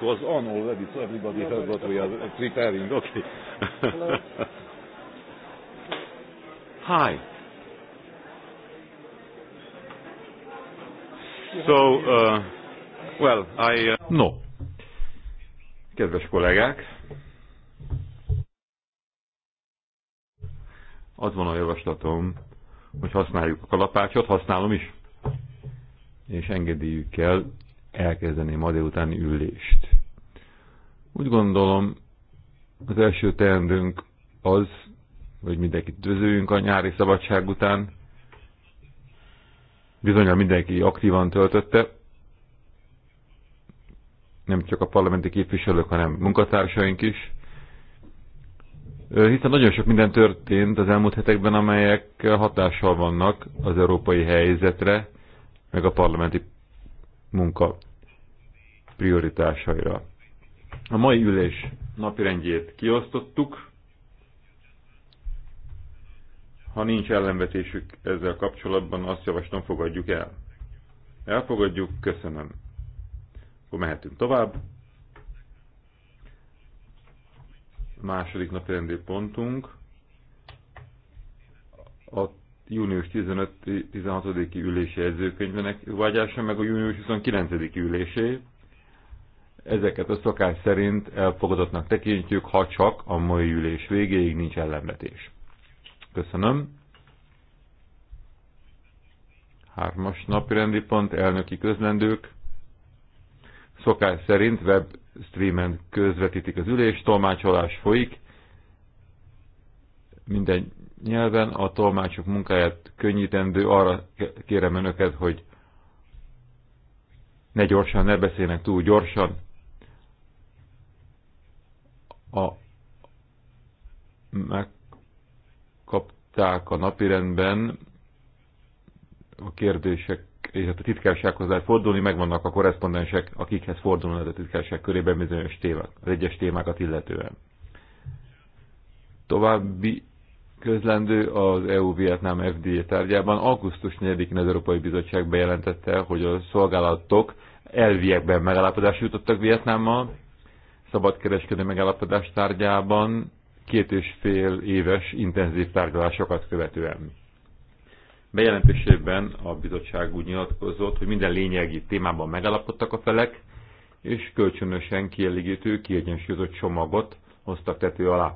it was on already, so everybody yeah, heard what we are preparing. Okay. Hello. Hi. So, uh, well, I... Uh... No. Kedves kollégák, az van a javaslatom, hogy használjuk a kalapácsot, használom is, és engedjük el elkezdeni ma délutáni ülést. Úgy gondolom, az első teendőnk az, hogy mindenkit dözőjünk a nyári szabadság után. Bizonyal mindenki aktívan töltötte, nem csak a parlamenti képviselők, hanem munkatársaink is. Hiszen nagyon sok minden történt az elmúlt hetekben, amelyek hatással vannak az európai helyzetre, meg a parlamenti munka prioritásaira. A mai ülés napirendjét kiosztottuk. Ha nincs ellenvetésük ezzel kapcsolatban, azt javaslom, fogadjuk el. Elfogadjuk, köszönöm. Akkor mehetünk tovább. A második napirendi pontunk a június 15-16-i ülési jegyzőkönyvenek vágyása, meg a június 29-i ülésé. Ezeket a szokás szerint elfogadottnak tekintjük, ha csak a mai ülés végéig nincs ellenvetés. Köszönöm. Hármas napirendi pont, elnöki közlendők. Szokás szerint webstreamen közvetítik az ülés, tolmácsolás folyik. Minden nyelven, a tolmácsok munkáját könnyítendő, arra kérem önöket, hogy ne gyorsan, ne beszélnek túl gyorsan. A, megkapták a napirendben a kérdések, és hát a titkársághoz fordulni, megvannak a korrespondensek, akikhez fordulnak a titkárság körében bizonyos témák, az egyes témákat illetően. További közlendő az EU-Vietnám FDA tárgyában. Augusztus 4-én az Európai Bizottság bejelentette, hogy a szolgálatok elviekben megállapodásra jutottak Vietnámmal, szabadkereskedő megállapodás tárgyában két és fél éves intenzív tárgyalásokat követően. Bejelentésében a bizottság úgy nyilatkozott, hogy minden lényegi témában megállapodtak a felek, és kölcsönösen kielégítő, kiegyensúlyozott csomagot hoztak tető alá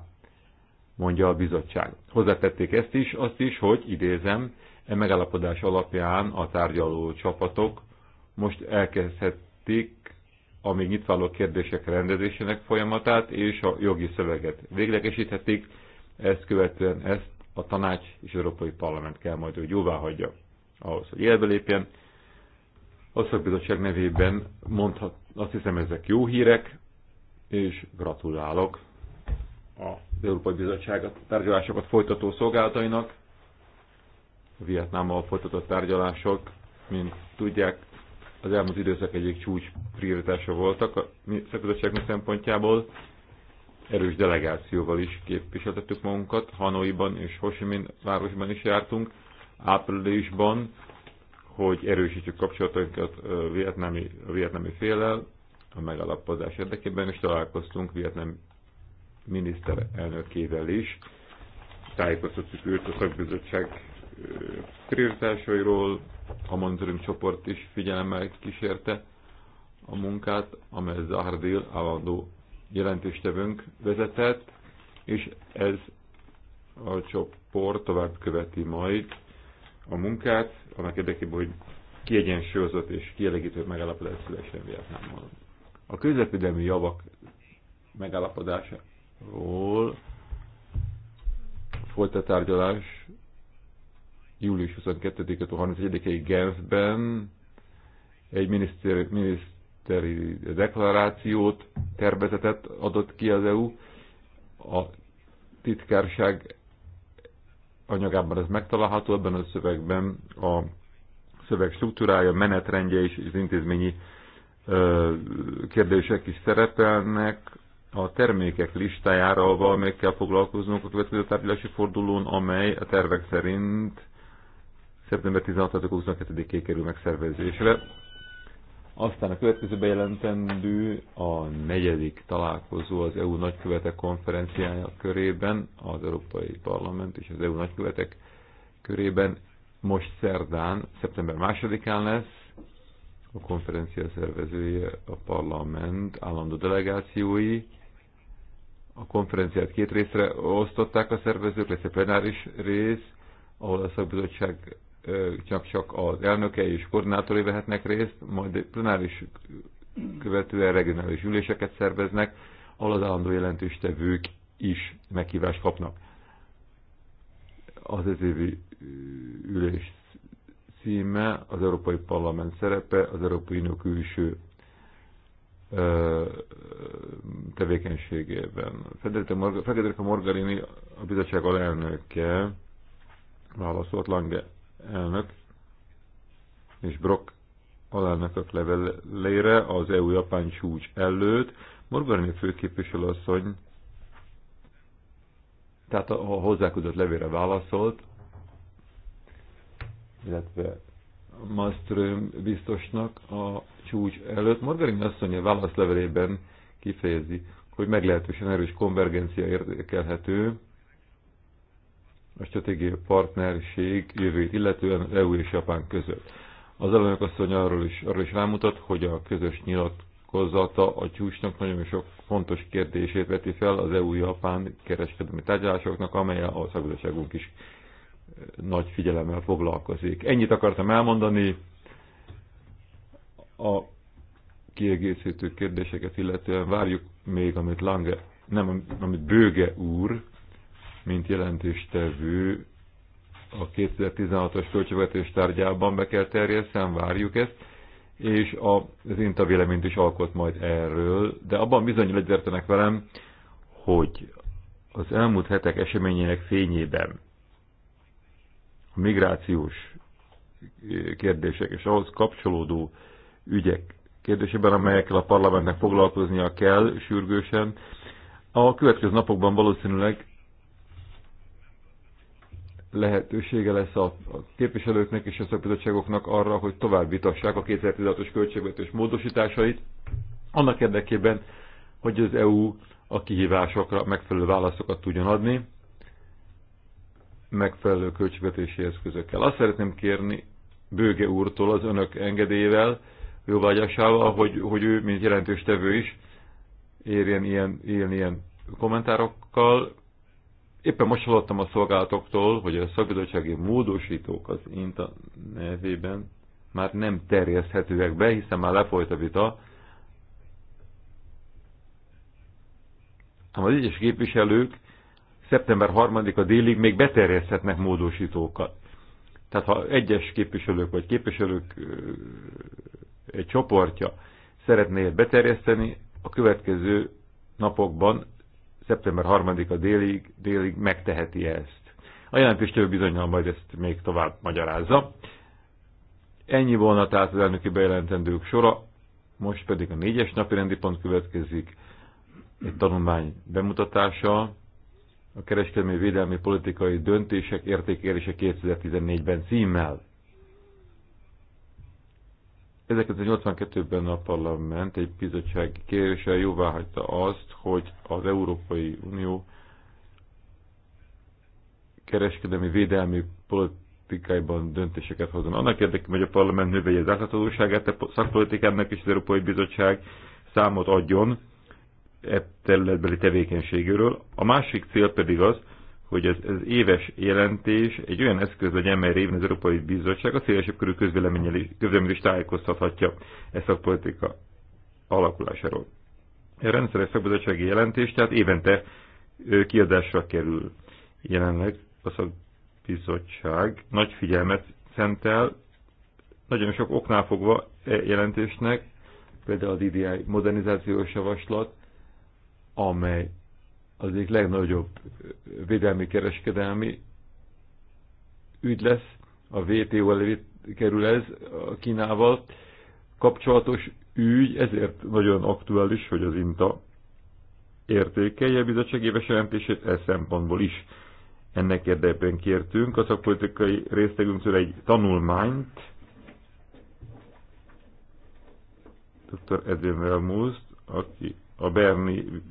mondja a bizottság. Hozzátették ezt is, azt is, hogy idézem, e megállapodás alapján a tárgyaló csapatok most elkezdhetik a még nyitváló kérdések rendezésének folyamatát és a jogi szöveget véglegesíthetik, ezt követően ezt a tanács és az Európai Parlament kell majd, hogy jóvá hagyja ahhoz, hogy élbe lépjen. A szakbizottság nevében mondhat, azt hiszem ezek jó hírek, és gratulálok a az Európai Bizottság a tárgyalásokat folytató szolgálatainak. A Vietnámmal folytatott tárgyalások, mint tudják, az elmúlt időszak egyik csúcs prioritása voltak a szakbizottságunk szempontjából. Erős delegációval is képviseltettük magunkat, Hanoiban és Hosimin városban is jártunk, áprilisban, hogy erősítsük kapcsolatainkat a vietnámi, a vietnámi félel, a megalapozás érdekében, is találkoztunk vietnámi miniszterelnökével is tájékoztattuk őt a szakbizottság prioritásairól, a monitoring csoport is figyelemmel kísérte a munkát, amely Zahardil állandó jelentéstevőnk vezetett, és ez a csoport tovább követi majd a munkát, annak érdekében, hogy kiegyensúlyozott és kielégítő megállapodás szülessen Vietnámmal. A közvetvédelmi javak megállapodása ról folyt a tárgyalás július 22-től 31-ig Genfben egy miniszteri, miniszteri deklarációt, tervezetet adott ki az EU. A titkárság anyagában ez megtalálható, ebben a szövegben a szöveg struktúrája, menetrendje és az intézményi kérdések is szerepelnek, a termékek listájára, kell foglalkoznunk a következő tárgyalási fordulón, amely a tervek szerint szeptember 16-22-ig kerül megszervezésre. Aztán a következő bejelentendő a negyedik találkozó az EU nagykövetek konferenciája körében, az Európai Parlament és az EU nagykövetek körében most szerdán, szeptember 2-án lesz, a konferencia szervezője a parlament állandó delegációi, a konferenciát két részre osztották a szervezők, lesz egy plenáris rész, ahol a szakbizottság csak-csak az elnöke és koordinátori vehetnek részt, majd egy plenáris követően regionális üléseket szerveznek, ahol az állandó jelentéstevők is meghívást kapnak. Az ezévi ülés címe, az Európai Parlament szerepe, az Európai Unió külső tevékenységében. Federica Morgarini, a bizottság alelnöke, válaszolt Lange elnök és Brock alelnökök levelére az EU-Japán csúcs előtt. Morgarini asszony, tehát a hozzá levére válaszolt, illetve Maström biztosnak a csúcs előtt. Margarin asszony a válaszlevelében kifejezi, hogy meglehetősen erős konvergencia értékelhető a stratégiai partnerség jövőjét, illetően az EU és Japán között. Az elnök asszony arról is, arról is rámutat, hogy a közös nyilatkozata a csúcsnak nagyon sok fontos kérdését veti fel az EU-Japán kereskedelmi tárgyalásoknak, amely a szakadóságunk is nagy figyelemmel foglalkozik. Ennyit akartam elmondani a kiegészítő kérdéseket, illetően várjuk még, amit Lange, nem, amit Bőge úr, mint jelentéstevő a 2016-os költségvetés tárgyában be kell terjesszen, várjuk ezt, és az INTA véleményt is alkot majd erről, de abban bizony legyvertenek velem, hogy az elmúlt hetek eseményének fényében a migrációs kérdések és ahhoz kapcsolódó ügyek kérdésében, amelyekkel a parlamentnek foglalkoznia kell sürgősen. A következő napokban valószínűleg lehetősége lesz a képviselőknek és a szakbizottságoknak arra, hogy tovább vitassák a 2016-os költségvetés módosításait, annak érdekében, hogy az EU a kihívásokra megfelelő válaszokat tudjon adni, megfelelő költségvetési eszközökkel. Azt szeretném kérni Bőge úrtól az önök engedélyével, jóvágyásával, hogy, hogy ő, mint jelentős tevő is, érjen ilyen, ilyen, ilyen kommentárokkal. Éppen most hallottam a szolgálatoktól, hogy a szakbizottsági módosítók az INTA nevében már nem terjeszthetőek be, hiszen már lefolyt a vita. Ám az egyes képviselők szeptember 3-a délig még beterjeszthetnek módosítókat. Tehát ha egyes képviselők vagy képviselők egy csoportja szeretné beterjeszteni, a következő napokban, szeptember 3-a délig, délig megteheti ezt. A több bizonyal majd ezt még tovább magyarázza. Ennyi volna tehát az elnöki bejelentendők sora, most pedig a négyes napi rendi pont következik, egy tanulmány bemutatása, a kereskedelmi védelmi politikai döntések értékérése 2014-ben címmel. 1982-ben a parlament egy bizottság jóvá jóváhagyta azt, hogy az Európai Unió kereskedelmi védelmi politikáiban döntéseket hozzon. Annak érdekében, hogy a parlament növelje az átláthatóságát a szakpolitikának és az Európai Bizottság számot adjon e területbeli tevékenységéről. A másik cél pedig az, hogy ez, ez éves jelentés egy olyan eszköz legyen, mely révén az Európai Bizottság a szélesebb körű közvéleményel is, is tájékoztathatja ezt a politika alakulásáról. A rendszeres szakbizottsági jelentés tehát évente kiadásra kerül. Jelenleg a szakbizottság nagy figyelmet szentel, nagyon sok oknál fogva e jelentésnek, például a DDI modernizációs javaslat, amely az egyik legnagyobb védelmi kereskedelmi ügy lesz, a WTO elé kerül ez a Kínával kapcsolatos ügy, ezért nagyon aktuális, hogy az INTA értékelje a bizottság éves jelentését, ez szempontból is ennek érdekében kértünk. A szakpolitikai részlegünktől egy tanulmányt, dr. Edwin Velmuszt, aki a Berni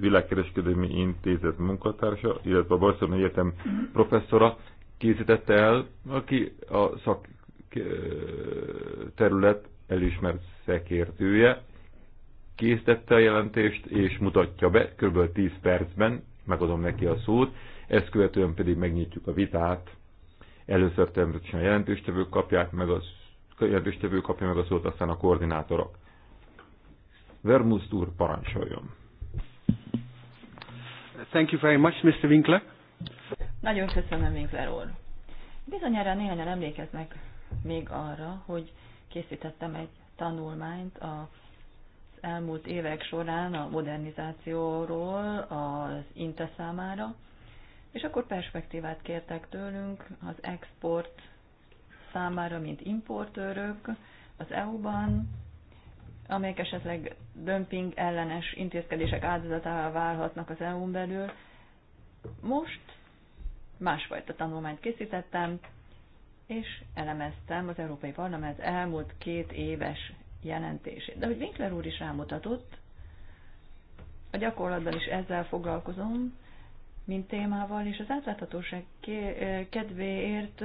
Világkereskedelmi Intézet munkatársa, illetve a Barcelona Egyetem professzora készítette el, aki a szak terület elismert szekértője, készítette a jelentést, és mutatja be, kb. 10 percben, megadom neki a szót, ezt követően pedig megnyitjuk a vitát. Először természetesen a jelentéstevők kapják meg a jelentéstevő kapja meg a szót, aztán a koordinátorok. Vermust úr parancsoljon. Thank you very much, Mr. Winkler. Nagyon köszönöm, Winkler úr. Bizonyára néhányan emlékeznek még arra, hogy készítettem egy tanulmányt a elmúlt évek során a modernizációról az INTE számára, és akkor perspektívát kértek tőlünk az export számára, mint importőrök az EU-ban, amelyek esetleg dömping ellenes intézkedések áldozatává válhatnak az EU-n belül. Most másfajta tanulmányt készítettem, és elemeztem az Európai Parlament elmúlt két éves jelentését. De hogy Winkler úr is rámutatott, a gyakorlatban is ezzel foglalkozom, mint témával, és az átláthatóság kedvéért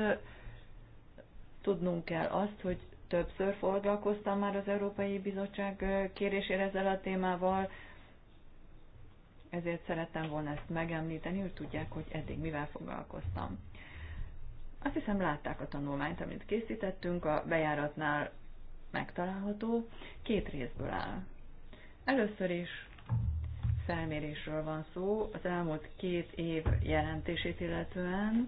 tudnunk kell azt, hogy többször foglalkoztam már az Európai Bizottság kérésére ezzel a témával, ezért szerettem volna ezt megemlíteni, hogy tudják, hogy eddig mivel foglalkoztam. Azt hiszem látták a tanulmányt, amit készítettünk, a bejáratnál megtalálható, két részből áll. Először is felmérésről van szó, az elmúlt két év jelentését illetően,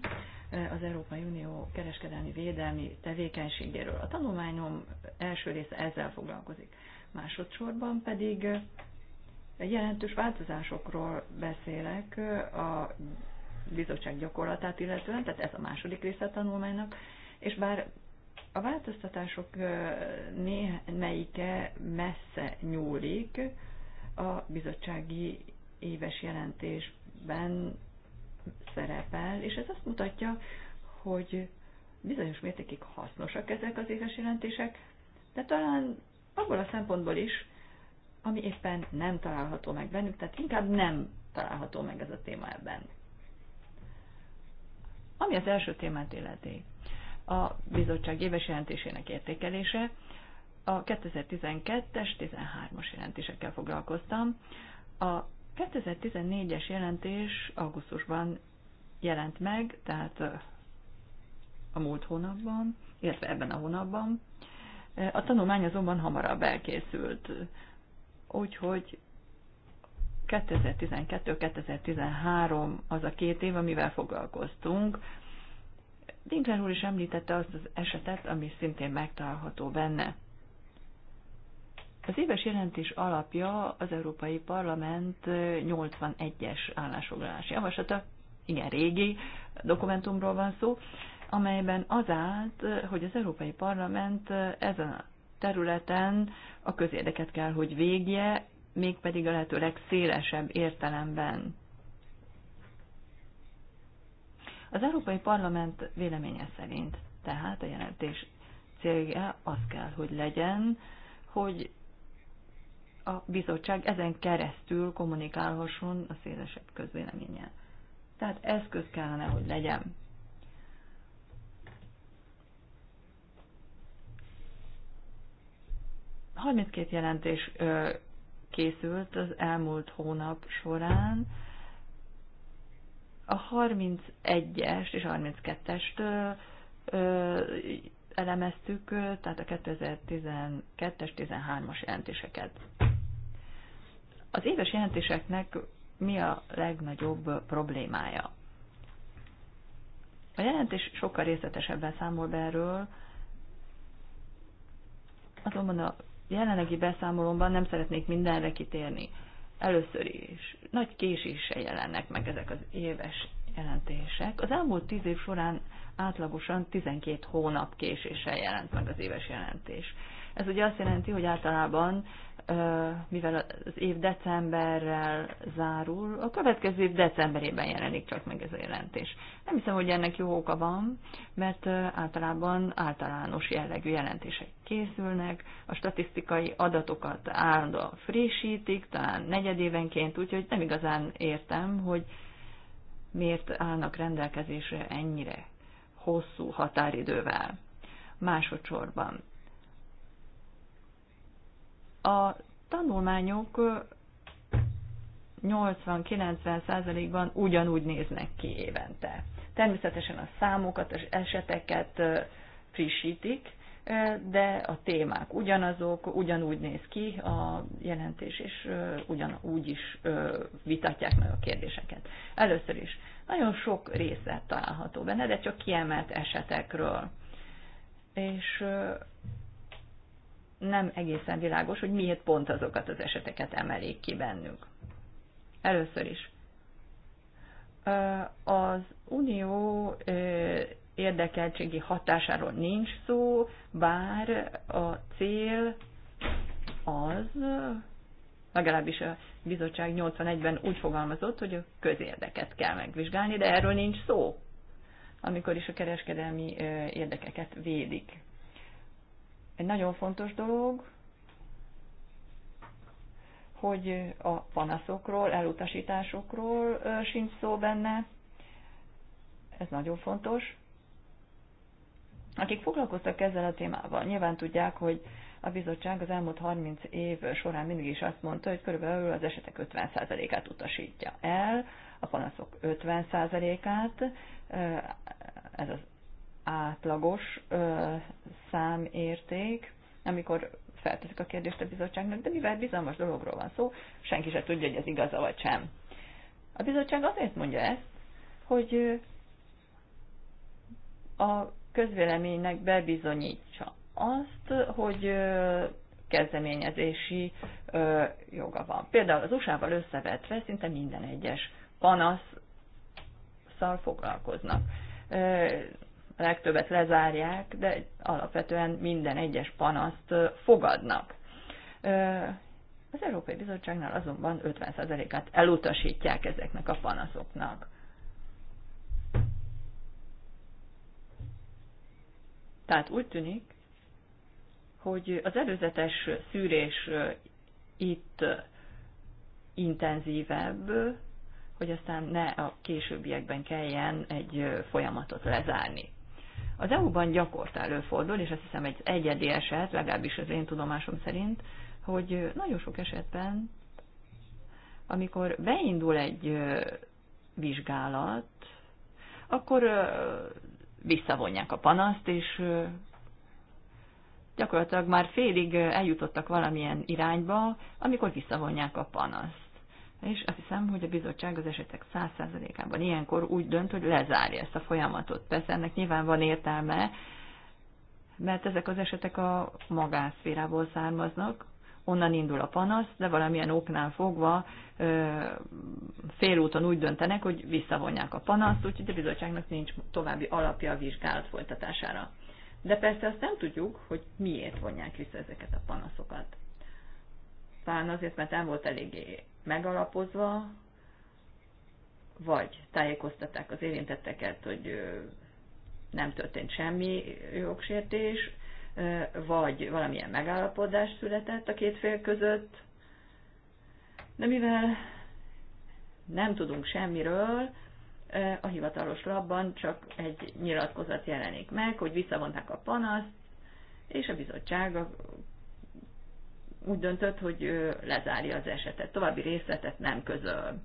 az Európai Unió kereskedelmi védelmi tevékenységéről. A tanulmányom első része ezzel foglalkozik. Másodszorban pedig jelentős változásokról beszélek a bizottság gyakorlatát illetően, tehát ez a második része a tanulmánynak, és bár a változtatások némelyike messze nyúlik, a bizottsági éves jelentésben szerepel, és ez azt mutatja, hogy bizonyos mértékig hasznosak ezek az éves jelentések, de talán abból a szempontból is, ami éppen nem található meg bennük, tehát inkább nem található meg ez a téma ebben. Ami az első témát illeti, a bizottság éves jelentésének értékelése, a 2012-es, 13-as jelentésekkel foglalkoztam, a 2014-es jelentés augusztusban jelent meg, tehát a múlt hónapban, illetve ebben a hónapban. A tanulmány azonban hamarabb elkészült, úgyhogy 2012-2013 az a két év, amivel foglalkoztunk. Dinkler úr is említette azt az esetet, ami szintén megtalálható benne. Az éves jelentés alapja az Európai Parlament 81-es állásfoglalás javaslata, igen régi dokumentumról van szó, amelyben az állt, hogy az Európai Parlament ezen a területen a közérdeket kell, hogy végje, mégpedig a lehető legszélesebb értelemben. Az Európai Parlament véleménye szerint tehát a jelentés célja az kell, hogy legyen, hogy a bizottság ezen keresztül kommunikálhasson a szélesebb közvéleménnyel. Tehát eszköz kellene, hogy legyen. Harminckét jelentés készült az elmúlt hónap során. A 31-es és 32-est elemeztük, tehát a 2012-es, 13-as jelentéseket. Az éves jelentéseknek mi a legnagyobb problémája? A jelentés sokkal részletesebben számol be erről, azonban a jelenlegi beszámolomban nem szeretnék mindenre kitérni. Először is nagy késése jelennek meg ezek az éves jelentések. Az elmúlt tíz év során átlagosan 12 hónap késéssel jelent meg az éves jelentés. Ez ugye azt jelenti, hogy általában mivel az év decemberrel zárul, a következő év decemberében jelenik csak meg ez a jelentés. Nem hiszem, hogy ennek jó oka van, mert általában általános jellegű jelentések készülnek, a statisztikai adatokat állandóan frissítik, talán negyedévenként, úgyhogy nem igazán értem, hogy miért állnak rendelkezésre ennyire hosszú határidővel. Másodszorban a tanulmányok 80-90%-ban ugyanúgy néznek ki évente. Természetesen a számokat, az eseteket frissítik, de a témák ugyanazok, ugyanúgy néz ki a jelentés, és ugyanúgy is vitatják meg a kérdéseket. Először is, nagyon sok részlet található benne, de csak kiemelt esetekről. És nem egészen világos, hogy miért pont azokat az eseteket emelik ki bennünk. Először is. Az unió érdekeltségi hatásáról nincs szó, bár a cél az, legalábbis a bizottság 81-ben úgy fogalmazott, hogy a közérdeket kell megvizsgálni, de erről nincs szó, amikor is a kereskedelmi érdekeket védik. Egy nagyon fontos dolog, hogy a panaszokról, elutasításokról sincs szó benne. Ez nagyon fontos. Akik foglalkoztak ezzel a témával, nyilván tudják, hogy a bizottság az elmúlt 30 év során mindig is azt mondta, hogy körülbelül az esetek 50%-át utasítja el, a panaszok 50%-át, ez az átlagos ö, számérték, amikor felteszik a kérdést a bizottságnak, de mivel bizalmas dologról van szó, senki se tudja, hogy ez igaza vagy sem. A bizottság azért mondja ezt, hogy a közvéleménynek bebizonyítsa azt, hogy kezdeményezési joga van. Például az USA-val összevetve szinte minden egyes panasz foglalkoznak a legtöbbet lezárják, de alapvetően minden egyes panaszt fogadnak. Az Európai Bizottságnál azonban 50%-át elutasítják ezeknek a panaszoknak. Tehát úgy tűnik, hogy az előzetes szűrés itt intenzívebb, hogy aztán ne a későbbiekben kelljen egy folyamatot lezárni. Az EU-ban gyakort előfordul, és azt hiszem egy egyedi eset, legalábbis az én tudomásom szerint, hogy nagyon sok esetben, amikor beindul egy vizsgálat, akkor visszavonják a panaszt, és gyakorlatilag már félig eljutottak valamilyen irányba, amikor visszavonják a panaszt és azt hiszem, hogy a bizottság az esetek 100%-ában ilyenkor úgy dönt, hogy lezárja ezt a folyamatot. Persze ennek nyilván van értelme, mert ezek az esetek a magánszférából származnak, onnan indul a panasz, de valamilyen oknál fogva félúton úgy döntenek, hogy visszavonják a panaszt, úgyhogy a bizottságnak nincs további alapja a vizsgálat folytatására. De persze azt nem tudjuk, hogy miért vonják vissza ezeket a panaszokat talán azért, mert nem volt eléggé megalapozva, vagy tájékoztatták az érintetteket, hogy nem történt semmi jogsértés, vagy valamilyen megállapodás született a két fél között, de mivel nem tudunk semmiről, a hivatalos labban csak egy nyilatkozat jelenik meg, hogy visszavonták a panaszt, és a bizottság a úgy döntött, hogy lezárja az esetet. További részletet nem közöl.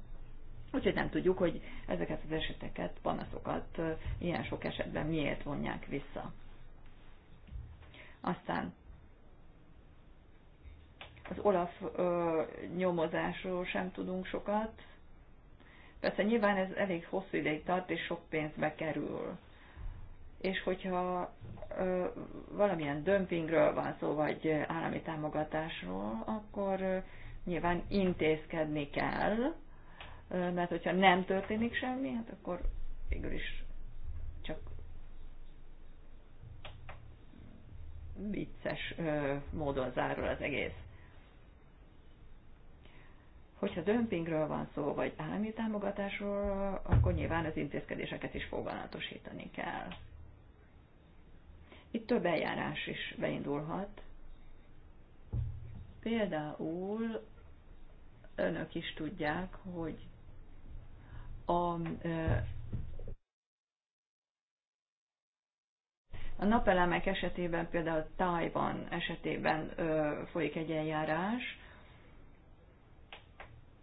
Úgyhogy nem tudjuk, hogy ezeket az eseteket, panaszokat ilyen sok esetben miért vonják vissza. Aztán az Olaf ö, nyomozásról sem tudunk sokat. Persze nyilván ez elég hosszú ideig tart, és sok pénzbe kerül és hogyha ö, valamilyen dömpingről van szó, vagy állami támogatásról, akkor ö, nyilván intézkedni kell, ö, mert hogyha nem történik semmi, hát akkor végül is csak vicces ö, módon zárul az egész. Hogyha dömpingről van szó, vagy állami támogatásról, akkor nyilván az intézkedéseket is foganatosítani kell itt több eljárás is beindulhat. Például önök is tudják, hogy a, a napelemek esetében, például Tájban esetében folyik egy eljárás,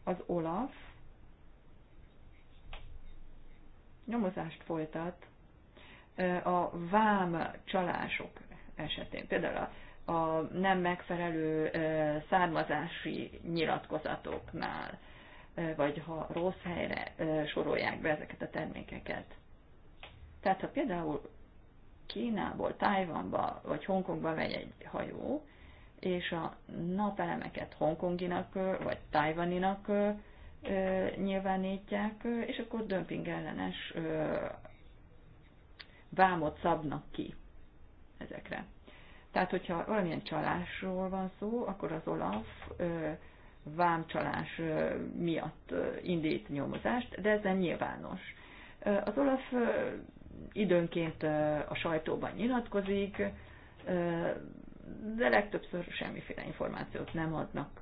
az OLAF nyomozást folytat a vám csalások esetén, például a, a nem megfelelő származási nyilatkozatoknál, vagy ha rossz helyre sorolják be ezeket a termékeket. Tehát, ha például Kínából, Tájvanba vagy Hongkongba megy egy hajó, és a napelemeket hongkonginak vagy tájvaninak nyilvánítják, és akkor ellenes vámot szabnak ki ezekre. Tehát, hogyha valamilyen csalásról van szó, akkor az OLAF vámcsalás miatt indít nyomozást, de ez nem nyilvános. Az OLAF időnként a sajtóban nyilatkozik, de legtöbbször semmiféle információt nem adnak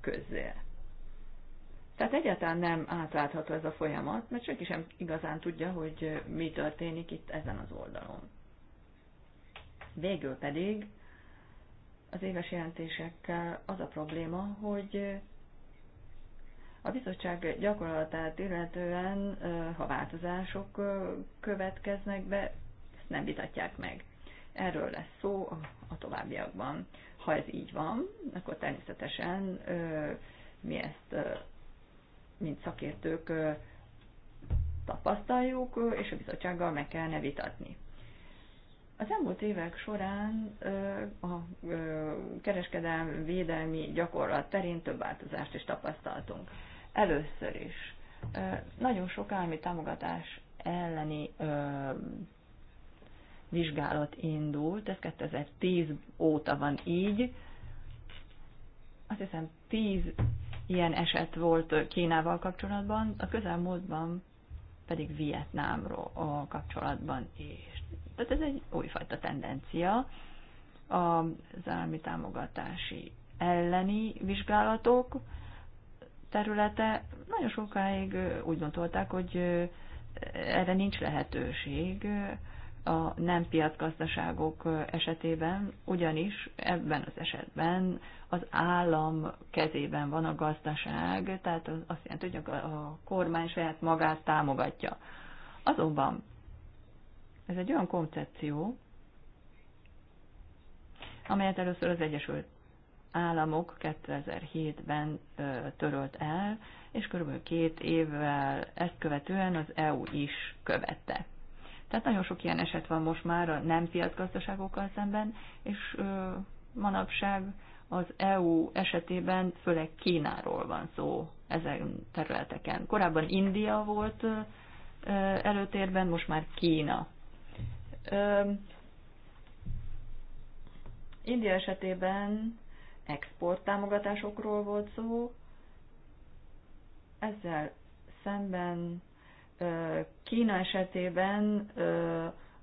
közzé. Tehát egyáltalán nem átlátható ez a folyamat, mert senki sem igazán tudja, hogy mi történik itt ezen az oldalon. Végül pedig az éves jelentésekkel az a probléma, hogy a bizottság gyakorlatát illetően, ha változások következnek be, ezt nem vitatják meg. Erről lesz szó a továbbiakban. Ha ez így van, akkor természetesen mi ezt mint szakértők tapasztaljuk, és a bizottsággal meg kellene vitatni. Az elmúlt évek során a kereskedelmi védelmi gyakorlat terén több változást is tapasztaltunk. Először is nagyon sok állami támogatás elleni vizsgálat indult, ez 2010 óta van így. Azt hiszem 10 ilyen eset volt Kínával kapcsolatban, a közelmúltban pedig Vietnámról a kapcsolatban is. Tehát ez egy újfajta tendencia az állami támogatási elleni vizsgálatok területe. Nagyon sokáig úgy gondolták, hogy erre nincs lehetőség a nem piacgazdaságok esetében, ugyanis ebben az esetben az állam kezében van a gazdaság, tehát az azt jelenti, hogy a kormány saját magát támogatja. Azonban ez egy olyan koncepció, amelyet először az Egyesült Államok 2007-ben törölt el, és körülbelül két évvel ezt követően az EU is követte. Tehát nagyon sok ilyen eset van most már a nem piacgazdaságokkal szemben, és ö, manapság az EU esetében főleg Kínáról van szó ezen területeken. Korábban India volt ö, előtérben, most már Kína. Ö, India esetében exporttámogatásokról volt szó, ezzel szemben Kína esetében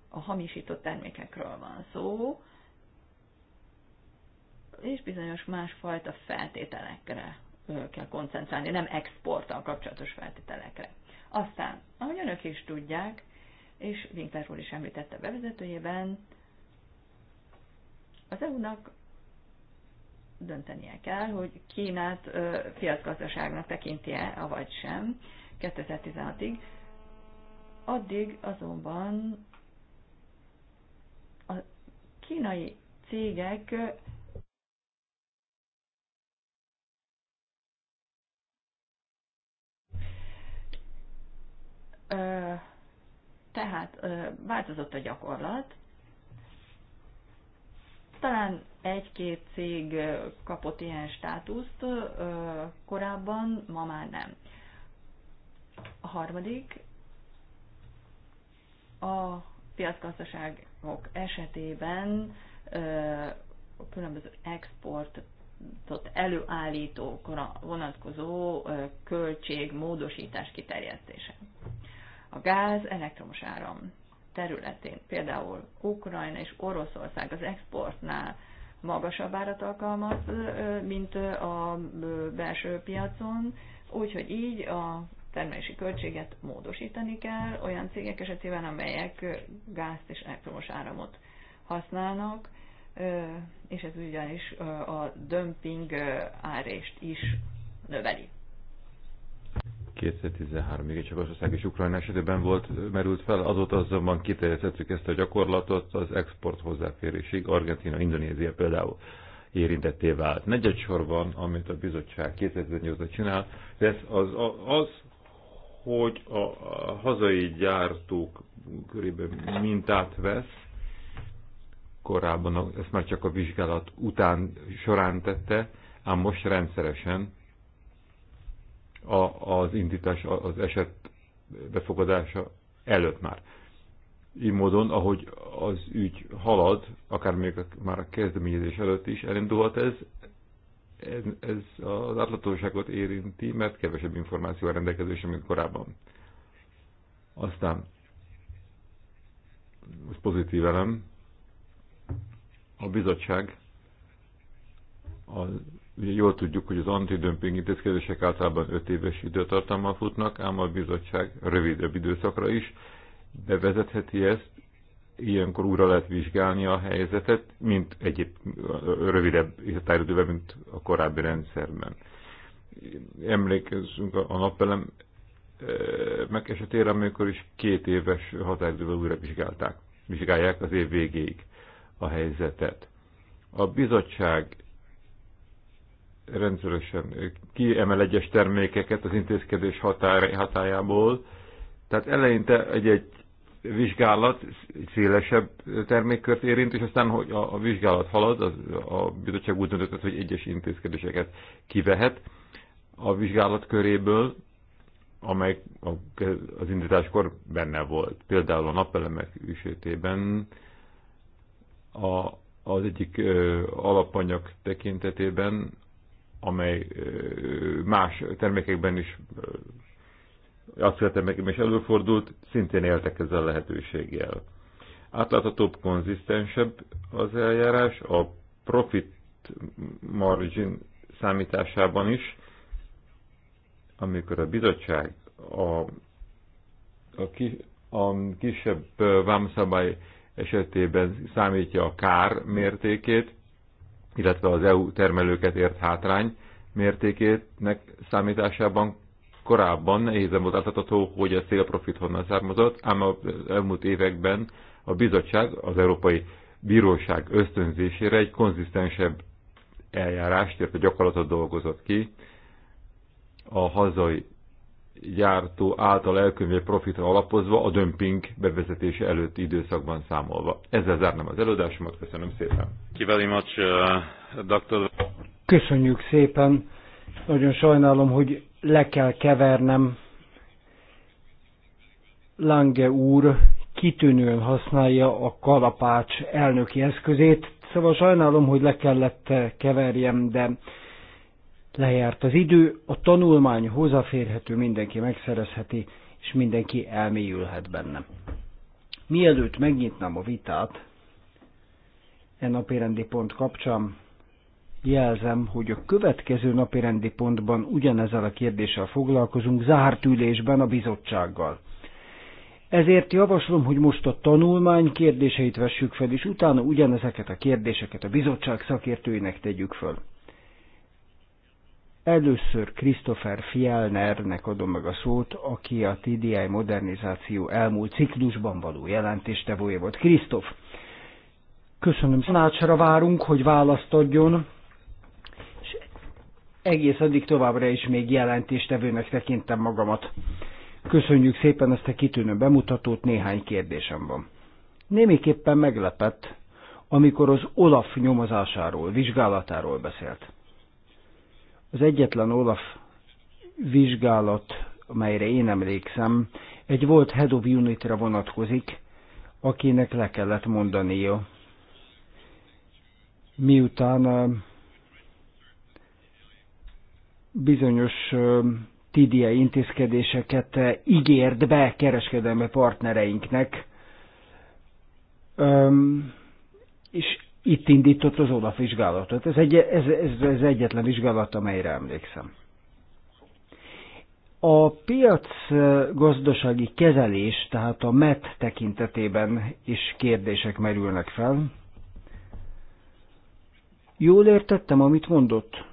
a hamisított termékekről van szó, és bizonyos másfajta feltételekre kell koncentrálni, nem exporttal kapcsolatos feltételekre. Aztán, ahogy önök is tudják, és Winkler úr is említette bevezetőjében, az EU-nak döntenie kell, hogy Kínát ö, piacgazdaságnak tekinti-e, avagy sem, 2016-ig. Addig azonban a kínai cégek tehát változott a gyakorlat. Talán egy-két cég kapott ilyen státuszt korábban, ma már nem. A harmadik, a piacgazdaságok esetében a különböző exportot előállítókra vonatkozó költség módosítás kiterjesztése. A gáz elektromos áram területén, például Ukrajna és Oroszország az exportnál magasabb árat alkalmaz, mint a belső piacon, úgyhogy így a termelési költséget módosítani kell olyan cégek esetében, amelyek gázt és elektromos áramot használnak, és ez ugyanis a dömping árést is növeli. 2013-ig Csehország és Ukrajna esetében volt, merült fel, azóta azonban kiterjesztettük ezt a gyakorlatot az export hozzáférésig, Argentina, Indonézia például érintetté vált. sorban, amit a bizottság 2008-ra csinál, ez az, az hogy a, hazai gyártók körében mintát vesz, korábban ezt már csak a vizsgálat után során tette, ám most rendszeresen a, az indítás, az eset befogadása előtt már. Így módon, ahogy az ügy halad, akár még a már a kezdeményezés előtt is elindulhat ez, ez, ez az átlatóságot érinti, mert kevesebb információ a rendelkezésre, mint korábban. Aztán, az pozitív elem, a bizottság, a, ugye jól tudjuk, hogy az antidömping intézkedések általában 5 éves időtartammal futnak, ám a bizottság rövidebb időszakra is bevezetheti ezt, ilyenkor újra lehet vizsgálni a helyzetet, mint egyéb rövidebb határidőben, mint a korábbi rendszerben. Emlékezzünk a napelem e, meg esetére, amikor is két éves határidővel újra vizsgálták, vizsgálják az év végéig a helyzetet. A bizottság rendszeresen kiemel egyes termékeket az intézkedés hatájából, tehát eleinte egy-egy vizsgálat szélesebb termékkört érint, és aztán, hogy a, a vizsgálat halad, az, a bizottság úgy döntött, hogy egyes intézkedéseket kivehet a vizsgálat köréből, amely az indításkor benne volt. Például a napelemek üsétében a, az egyik ö, alapanyag tekintetében, amely ö, más termékekben is ö, azt szeretem nekem is előfordult, szintén éltek ezzel a lehetőséggel. Átláthatóbb, konzisztensebb az eljárás, a profit margin számításában is, amikor a bizottság a, a, kis, a kisebb vámszabály esetében számítja a kár mértékét, illetve az EU termelőket ért hátrány mértékének számításában korábban nehézen volt átlátható, hogy a szélprofit honnan származott, ám az elmúlt években a bizottság az Európai Bíróság ösztönzésére egy konzisztensebb eljárást, illetve gyakorlatot dolgozott ki a hazai gyártó által elkönyvelt profitra alapozva a dömping bevezetése előtt időszakban számolva. Ezzel zárnám az előadásomat, köszönöm szépen. Much, uh, Köszönjük szépen. Nagyon sajnálom, hogy le kell kevernem. Lange úr kitűnően használja a kalapács elnöki eszközét, szóval sajnálom, hogy le kellett keverjem, de lejárt az idő, a tanulmány hozzáférhető, mindenki megszerezheti, és mindenki elmélyülhet benne. Mielőtt megnyitnám a vitát, e napirendi pont kapcsán, Jelzem, hogy a következő napi rendi pontban ugyanezzel a kérdéssel foglalkozunk zárt ülésben a bizottsággal. Ezért javaslom, hogy most a tanulmány kérdéseit vessük fel, és utána ugyanezeket a kérdéseket a bizottság szakértőinek tegyük föl. Először Christopher Fielnernek adom meg a szót, aki a TDI modernizáció elmúlt ciklusban való jelentéstevője volt. Krisztof, köszönöm, tanácsra várunk, hogy választ adjon egész addig továbbra is még jelentéstevőnek tekintem magamat. Köszönjük szépen ezt a kitűnő bemutatót, néhány kérdésem van. Némiképpen meglepett, amikor az Olaf nyomozásáról, vizsgálatáról beszélt. Az egyetlen Olaf vizsgálat, amelyre én emlékszem, egy volt Head of Unitre vonatkozik, akinek le kellett mondania, miután bizonyos TDI intézkedéseket ígért be kereskedelmi partnereinknek, és itt indított az OLAF vizsgálatot. Ez, egy, ez, ez, ez egyetlen vizsgálat, amelyre emlékszem. A piac gazdasági kezelés, tehát a MET tekintetében is kérdések merülnek fel. Jól értettem, amit mondott?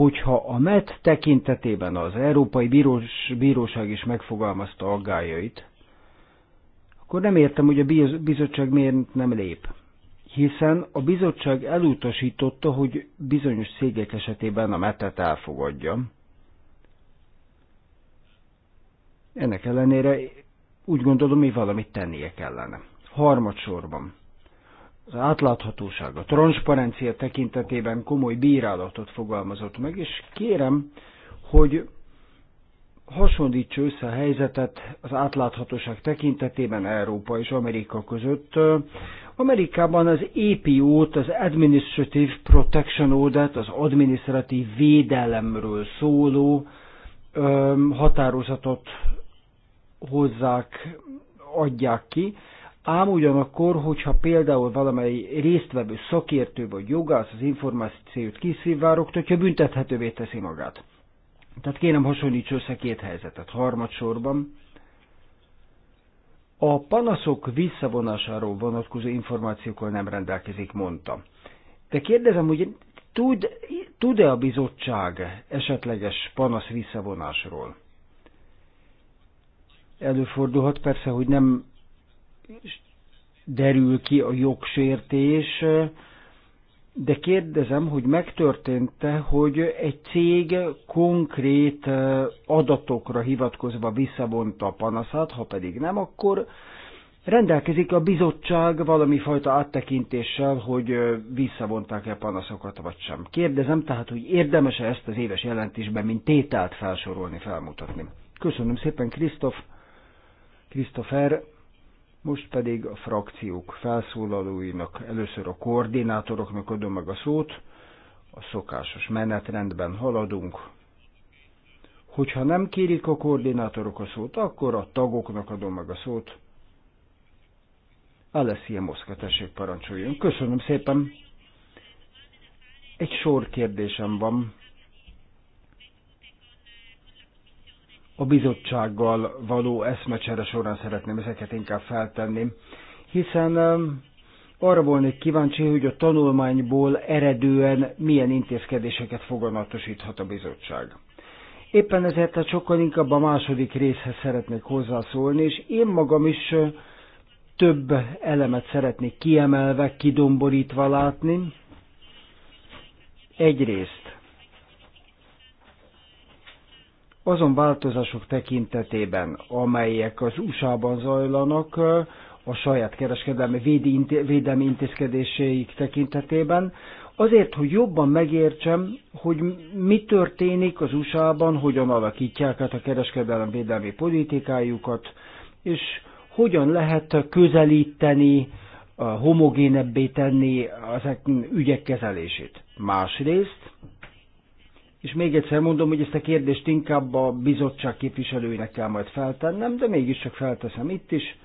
hogyha a MET tekintetében az Európai Bírós, Bíróság is megfogalmazta aggájait, akkor nem értem, hogy a bizottság miért nem lép. Hiszen a bizottság elutasította, hogy bizonyos cégek esetében a metet elfogadja. Ennek ellenére úgy gondolom, hogy valamit tennie kellene. Harmadsorban az átláthatóság, a transzparencia tekintetében komoly bírálatot fogalmazott meg, és kérem, hogy hasonlítsa össze a helyzetet az átláthatóság tekintetében Európa és Amerika között. Amerikában az APO-t, az Administrative Protection Audit, az administratív védelemről szóló határozatot hozzák, adják ki, Ám ugyanakkor, hogyha például valamely résztvevő szakértő vagy jogász az információt kiszivárogtatja, büntethetővé teszi magát. Tehát kérem hasonlíts össze két helyzetet. Harmadsorban a panaszok visszavonásáról vonatkozó információkkal nem rendelkezik, mondta. De kérdezem, hogy tud, tud-e a bizottság esetleges panasz visszavonásról? Előfordulhat persze, hogy nem derül ki a jogsértés, de kérdezem, hogy megtörtént-e, hogy egy cég konkrét adatokra hivatkozva visszavonta a panaszát, ha pedig nem, akkor rendelkezik a bizottság valami fajta áttekintéssel, hogy visszavonták-e panaszokat vagy sem. Kérdezem tehát, hogy érdemes-e ezt az éves jelentésben, mint tételt felsorolni, felmutatni. Köszönöm szépen, Krisztof. Krisztofer. Most pedig a frakciók felszólalóinak, először a koordinátoroknak adom meg a szót, a szokásos menetrendben haladunk. Hogyha nem kérik a koordinátorok a szót, akkor a tagoknak adom meg a szót. Alessia Moszka, tessék parancsoljon. Köszönöm szépen. Egy sor kérdésem van a bizottsággal való eszmecsere során szeretném ezeket inkább feltenni, hiszen arra volnék kíváncsi, hogy a tanulmányból eredően milyen intézkedéseket foganatosíthat a bizottság. Éppen ezért a hát sokkal inkább a második részhez szeretnék hozzászólni, és én magam is több elemet szeretnék kiemelve, kidomborítva látni. Egyrészt azon változások tekintetében, amelyek az USA-ban zajlanak, a saját kereskedelmi védelmi intézkedéseik tekintetében, azért, hogy jobban megértsem, hogy mi történik az USA-ban, hogyan alakítják át a kereskedelem védelmi politikájukat, és hogyan lehet közelíteni, homogénebbé tenni az ügyek kezelését. Másrészt és még egyszer mondom, hogy ezt a kérdést inkább a bizottság képviselőinek kell majd feltennem, de mégiscsak felteszem itt is.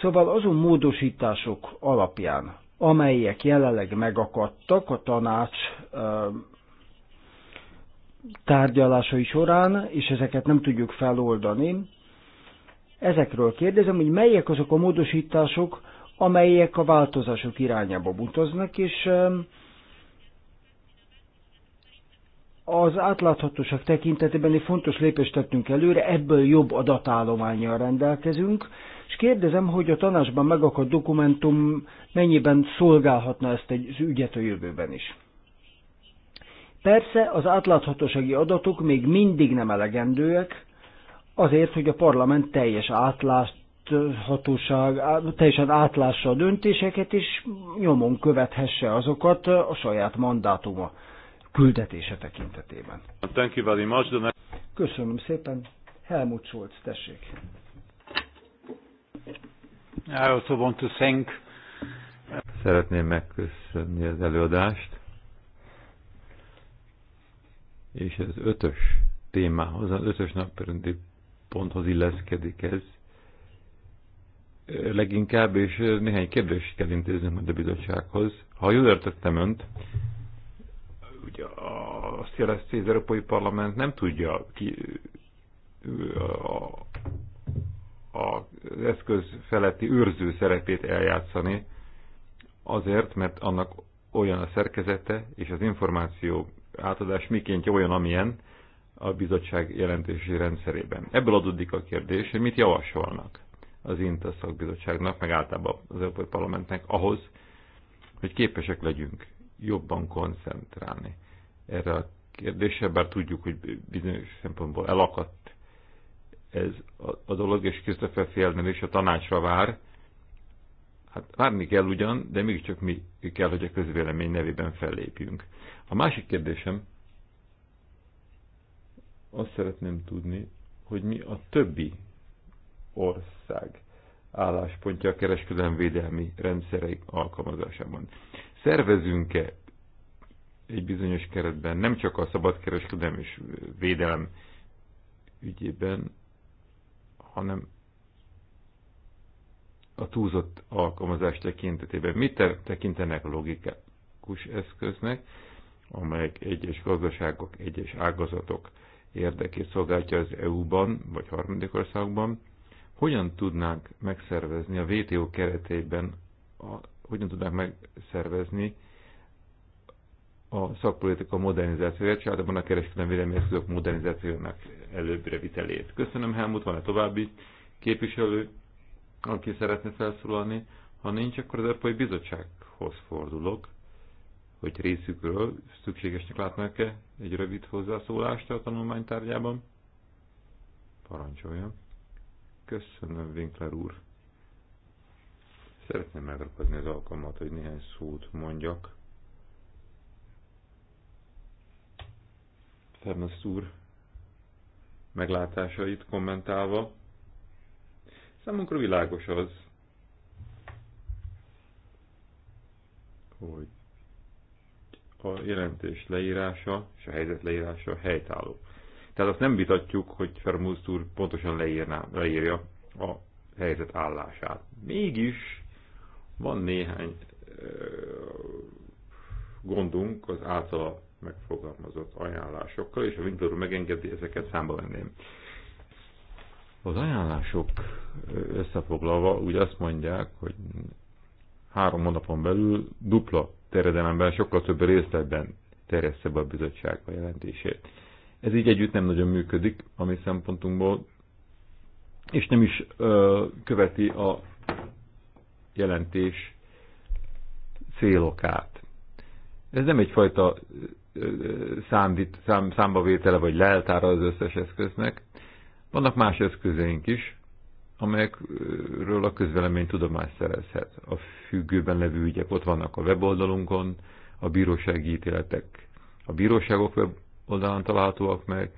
Szóval azon módosítások alapján, amelyek jelenleg megakadtak a tanács tárgyalásai során, és ezeket nem tudjuk feloldani, ezekről kérdezem, hogy melyek azok a módosítások, amelyek a változások irányába mutaznak, és az átláthatóság tekintetében egy fontos lépést tettünk előre, ebből jobb adatállományjal rendelkezünk, és kérdezem, hogy a tanácsban megakadt dokumentum mennyiben szolgálhatna ezt egy ügyet a jövőben is. Persze az átláthatósági adatok még mindig nem elegendőek, azért, hogy a parlament teljes átláthatóság, teljesen átlássa a döntéseket, és nyomon követhesse azokat a saját mandátuma küldetése tekintetében. Thank you very much. Köszönöm szépen. Helmut Scholz, tessék. I also want to thank... Szeretném megköszönni az előadást. És az ötös témához, az ötös napperendi ponthoz illeszkedik ez. Leginkább, és néhány kérdést kell intéznünk majd a bizottsághoz. Ha jól értettem önt, ugye azt jelenti, hogy az Európai Parlament nem tudja ki a, a, az eszköz feletti őrző szerepét eljátszani, azért, mert annak olyan a szerkezete, és az információ átadás mikéntje olyan, amilyen a bizottság jelentési rendszerében. Ebből adódik a kérdés, hogy mit javasolnak az INTA szakbizottságnak, meg általában az Európai Parlamentnek ahhoz, hogy képesek legyünk jobban koncentrálni erre a kérdésre, bár tudjuk, hogy bizonyos szempontból elakadt ez a dolog, és Christopher Fjellner is a tanácsra vár. Hát várni kell ugyan, de mégiscsak mi kell, hogy a közvélemény nevében fellépjünk. A másik kérdésem, azt szeretném tudni, hogy mi a többi ország álláspontja a kereskedelmi védelmi rendszereik alkalmazásában szervezünk-e egy bizonyos keretben, nem csak a szabadkereskedelem és védelem ügyében, hanem a túlzott alkalmazás tekintetében. Mit tekintenek logikus eszköznek, amelyek egyes gazdaságok, egyes ágazatok érdekét szolgálja az EU-ban, vagy harmadik országban? Hogyan tudnánk megszervezni a WTO keretében a hogyan tudnánk megszervezni a szakpolitika modernizációját, és általában a kereskedelmi véleményeszközök modernizációjának előbbre vitelét. Köszönöm, Helmut, van-e további képviselő, aki szeretne felszólalni? Ha nincs, akkor az Európai Bizottsághoz fordulok, hogy részükről szükségesnek látnak-e egy rövid hozzászólást a tanulmánytárgyában. Parancsoljon. Köszönöm, Winkler úr. Szeretném megragadni az alkalmat, hogy néhány szót mondjak. Fernaszt úr meglátásait kommentálva. Számunkra világos az, hogy a jelentés leírása és a helyzet leírása helytálló. Tehát azt nem vitatjuk, hogy Fermúzt úr pontosan leírná, leírja a helyzet állását. Mégis van néhány gondunk az általa megfogalmazott ajánlásokkal, és a Windows megengedi, ezeket számba venném. Az ajánlások összefoglalva úgy azt mondják, hogy három hónapon belül dupla teredelemben, sokkal több részletben terjessze be a bizottság a jelentését. Ez így együtt nem nagyon működik a mi szempontunkból, és nem is ö, követi a jelentés célokát. Ez nem egyfajta számvit, szám, számbavétele vagy leltára az összes eszköznek. Vannak más eszközeink is, amelyekről a közvelemény tudomást szerezhet. A függőben levő ügyek ott vannak a weboldalunkon, a bírósági ítéletek a bíróságok weboldalán találhatóak meg,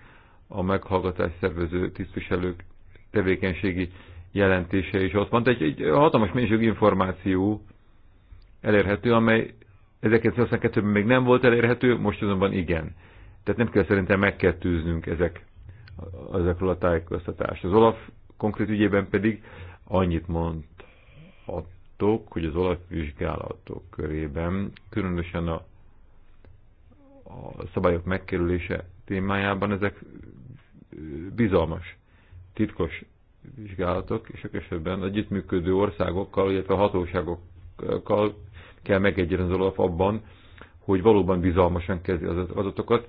a meghallgatás szervező tisztviselők tevékenységi jelentése is ott van. Tehát egy, egy hatalmas mennyiségű információ elérhető, amely 1992-ben még nem volt elérhető, most azonban igen. Tehát nem kell szerintem megkettőznünk ezek, ezekről a tájékoztatást. Az Olaf konkrét ügyében pedig annyit mondhatok, hogy az Olaf vizsgálatok körében, különösen a, a szabályok megkerülése témájában ezek bizalmas, titkos vizsgálatok, és sok esetben együttműködő országokkal, illetve hatóságokkal kell megegyezni az alap abban, hogy valóban bizalmasan kezdi az adatokat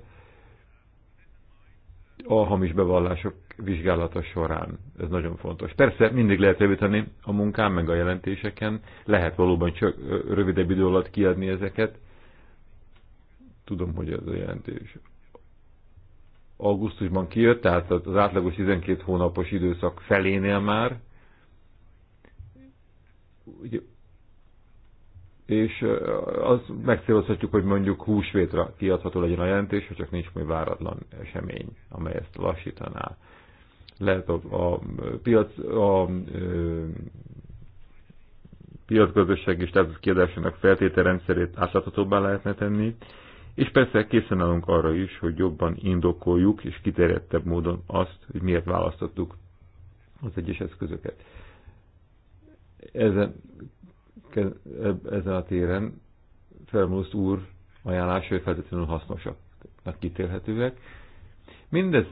a hamis bevallások vizsgálata során. Ez nagyon fontos. Persze mindig lehet javítani a munkán, meg a jelentéseken. Lehet valóban csak rövidebb idő alatt kiadni ezeket. Tudom, hogy ez a jelentés augusztusban kijött, tehát az átlagos 12 hónapos időszak felénél már. Ugye, és az megcélozhatjuk, hogy mondjuk húsvétra kiadható legyen a jelentés, ha csak nincs még váratlan esemény, amely ezt lassítaná. Lehet a, a piac, a, a piacgazdaság és kiadásának feltételrendszerét átláthatóbbá lehetne tenni, és persze készen állunk arra is, hogy jobban indokoljuk és kiterjedtebb módon azt, hogy miért választottuk az egyes eszközöket. Ezen, ezen a téren Felmúlsz úr hogy feltétlenül hasznosaknak kitélhetőek. Mindez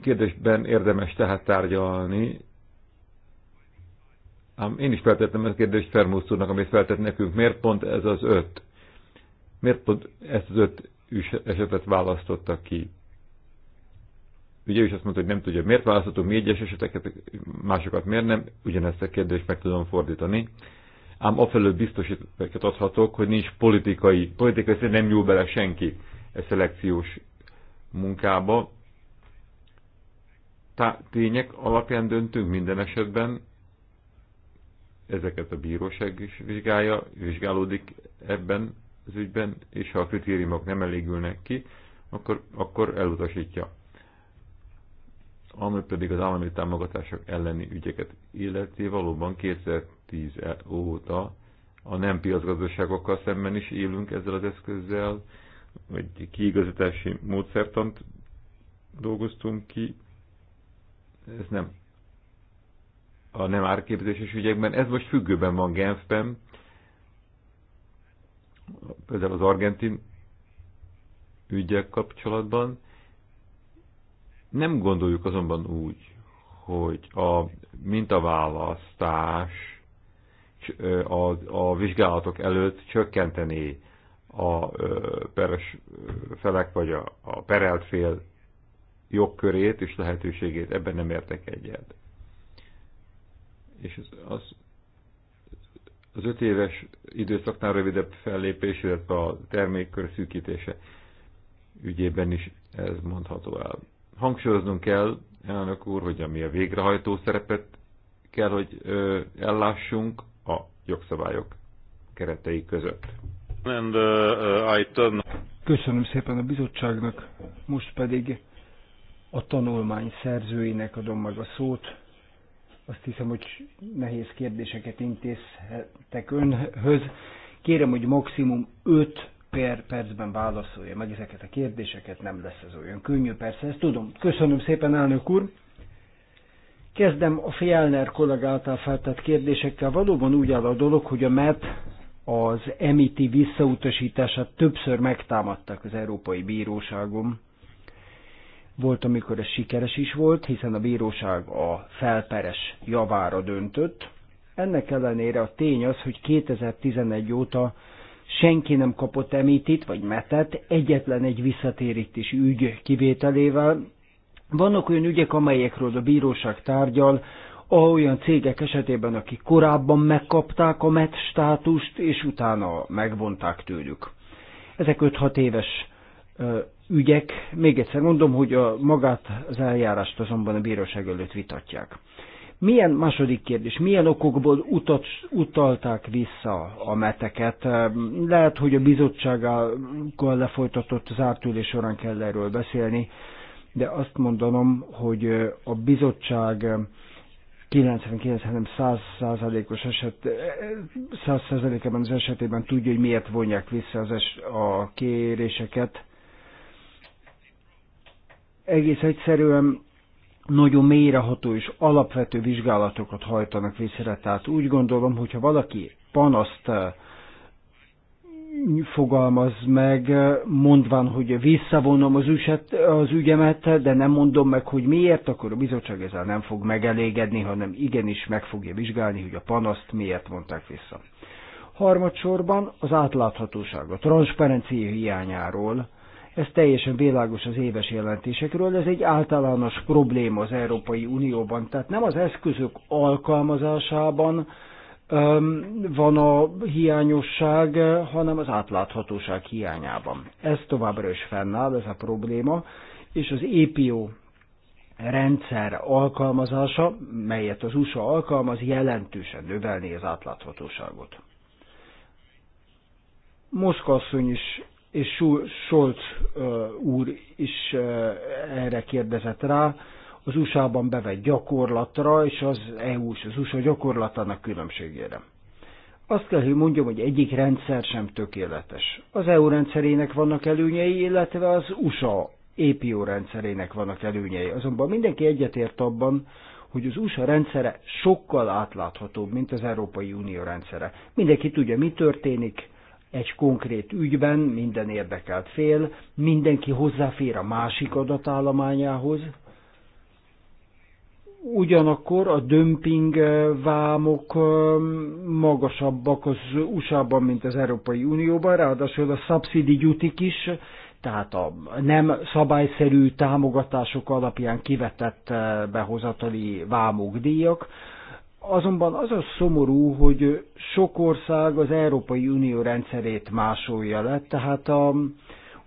kérdésben érdemes tehát tárgyalni, ám én is feltettem ezt a kérdést Fermusz úrnak, amit feltett nekünk. Miért pont ez az öt? Miért pont ezt az öt esetet választotta ki? Ugye is azt mondta, hogy nem tudja, miért választottunk mi egyes eseteket, másokat miért nem, ugyanezt a kérdést meg tudom fordítani. Ám afelől biztosítékot adhatok, hogy nincs politikai, politikai szerint nem nyúl bele senki e szelekciós munkába. Tá, tények alapján döntünk minden esetben, ezeket a bíróság is vizsgálja, vizsgálódik ebben, az ügyben, és ha a kritériumok nem elégülnek ki, akkor, akkor elutasítja. Ami pedig az állami támogatások elleni ügyeket illeti, valóban 2010 óta a nem piacgazdaságokkal szemben is élünk ezzel az eszközzel, egy kiigazítási módszertant dolgoztunk ki. Ez nem a nem árképzéses ügyekben. Ez most függőben van Genfben, például az argentin ügyek kapcsolatban. Nem gondoljuk azonban úgy, hogy a mintaválasztás a, a vizsgálatok előtt csökkenteni a peres felek vagy a, a perelt fél jogkörét és lehetőségét, ebben nem értek egyet. És az, az az öt éves időszaknál rövidebb fellépés, illetve a termékkör szűkítése ügyében is ez mondható el. Hangsúlyoznunk kell, elnök úr, hogy ami a végrehajtó szerepet kell, hogy ö, ellássunk a jogszabályok keretei között. And, uh, I turn... Köszönöm szépen a bizottságnak, most pedig a tanulmány szerzőinek adom meg a szót. Azt hiszem, hogy nehéz kérdéseket intézhetek önhöz. Kérem, hogy maximum 5 per percben válaszolja meg ezeket a kérdéseket, nem lesz ez olyan könnyű, persze, ezt tudom. Köszönöm szépen, elnök úr! Kezdem a Fjellner kollega által feltett kérdésekkel. Valóban úgy áll a dolog, hogy a MET az MIT visszautasítását többször megtámadták az Európai Bíróságon. Volt, amikor ez sikeres is volt, hiszen a bíróság a felperes javára döntött. Ennek ellenére a tény az, hogy 2011 óta senki nem kapott emítit vagy metet, egyetlen egy visszatérítés ügy kivételével. Vannak olyan ügyek, amelyekről a bíróság tárgyal, olyan cégek esetében, akik korábban megkapták a MET státust, és utána megvonták tőlük. Ezek 5-6 éves ügyek, még egyszer mondom, hogy a magát az eljárást azonban a bíróság előtt vitatják. Milyen, második kérdés, milyen okokból utat, utalták vissza a meteket? Lehet, hogy a bizottságával lefolytatott zártülés során kell erről beszélni, de azt mondanom, hogy a bizottság 99-100%-os eset, 100%-ában az esetében tudja, hogy miért vonják vissza az es, a kéréseket, egész egyszerűen nagyon mélyreható és alapvető vizsgálatokat hajtanak vészre. Tehát úgy gondolom, hogyha valaki panaszt eh, fogalmaz meg, eh, mondván, hogy visszavonom az, üset, az ügyemet, de nem mondom meg, hogy miért, akkor a bizottság ezzel nem fog megelégedni, hanem igenis meg fogja vizsgálni, hogy a panaszt miért mondták vissza. Harmadsorban az átláthatóság, a transzparencia hiányáról ez teljesen világos az éves jelentésekről, ez egy általános probléma az Európai Unióban. Tehát nem az eszközök alkalmazásában um, van a hiányosság, hanem az átláthatóság hiányában. Ez továbbra is fennáll, ez a probléma, és az EPO rendszer alkalmazása, melyet az USA alkalmaz, jelentősen növelné az átláthatóságot. Moszkva asszony is és Scholz úr is erre kérdezett rá, az USA-ban bevett gyakorlatra és az EU és az USA gyakorlatának különbségére. Azt kell, hogy mondjam, hogy egyik rendszer sem tökéletes. Az EU rendszerének vannak előnyei, illetve az USA APO e rendszerének vannak előnyei. Azonban mindenki egyetért abban, hogy az USA rendszere sokkal átláthatóbb, mint az Európai Unió rendszere. Mindenki tudja, mi történik, egy konkrét ügyben minden érdekelt fél, mindenki hozzáfér a másik adatállományához, ugyanakkor a dömping eh, vámok eh, magasabbak az USA-ban, mint az Európai Unióban, ráadásul a subsidy gyutik is, tehát a nem szabályszerű támogatások alapján kivetett eh, behozatali vámok díjak, Azonban az a szomorú, hogy sok ország az Európai Unió rendszerét másolja le, tehát a,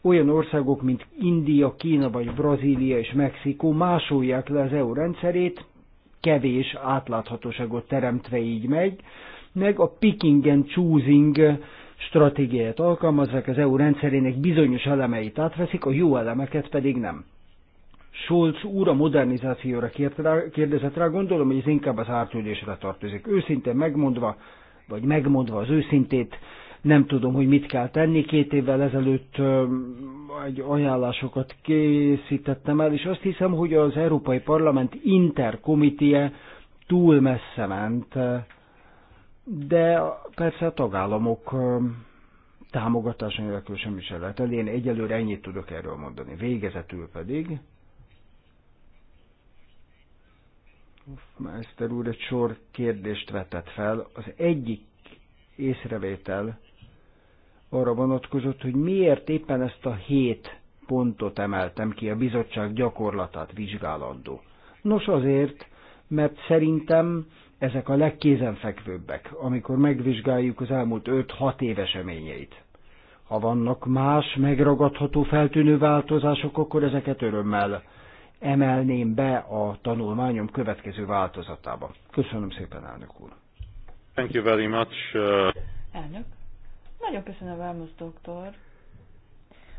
olyan országok, mint India, Kína vagy Brazília és Mexikó másolják le az EU rendszerét, kevés átláthatóságot teremtve így megy, meg a picking and choosing stratégiát alkalmazzák, az EU rendszerének bizonyos elemeit átveszik, a jó elemeket pedig nem. Scholz úr a modernizációra kérdezett rá, gondolom, hogy ez inkább az ártődésre tartozik. Őszintén megmondva, vagy megmondva az őszintét, nem tudom, hogy mit kell tenni. Két évvel ezelőtt egy ajánlásokat készítettem el, és azt hiszem, hogy az Európai Parlament interkomitie túl messze ment, de persze a tagállamok támogatása nélkül semmi sem lehet elérni. Egyelőre ennyit tudok erről mondani. Végezetül pedig Meister úr egy sor kérdést vetett fel. Az egyik észrevétel arra vonatkozott, hogy miért éppen ezt a hét pontot emeltem ki a bizottság gyakorlatát vizsgálandó. Nos azért, mert szerintem ezek a legkézenfekvőbbek, amikor megvizsgáljuk az elmúlt 5-6 év eseményeit. Ha vannak más megragadható feltűnő változások, akkor ezeket örömmel emelném be a tanulmányom következő változatába. Köszönöm szépen, elnök úr. Thank you very much. Uh... Elnök, nagyon köszönöm Vámos doktor.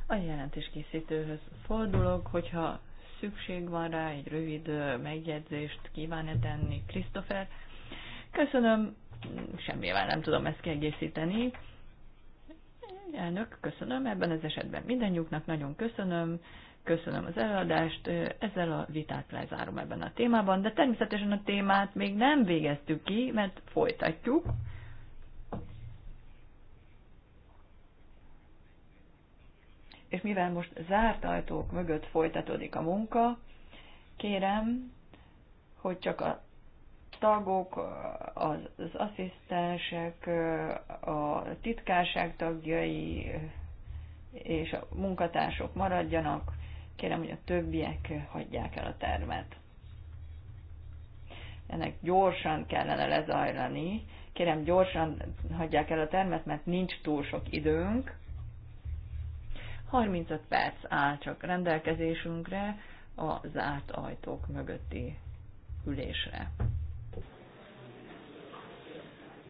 A jelentés készítőhöz fordulok, hogyha szükség van rá, egy rövid uh, megjegyzést kíván-e tenni, Christopher. Köszönöm, semmivel nem tudom ezt kiegészíteni. Elnök, köszönöm ebben az esetben minden nyugnak nagyon köszönöm. Köszönöm az előadást, ezzel a vitát lezárom ebben a témában, de természetesen a témát még nem végeztük ki, mert folytatjuk. És mivel most zárt ajtók mögött folytatódik a munka, kérem, hogy csak a tagok, az, az asszisztensek, a titkárság tagjai és a munkatársok maradjanak, Kérem, hogy a többiek hagyják el a termet. Ennek gyorsan kellene lezajlani. Kérem, gyorsan hagyják el a termet, mert nincs túl sok időnk. 35 perc áll csak rendelkezésünkre a zárt ajtók mögötti ülésre.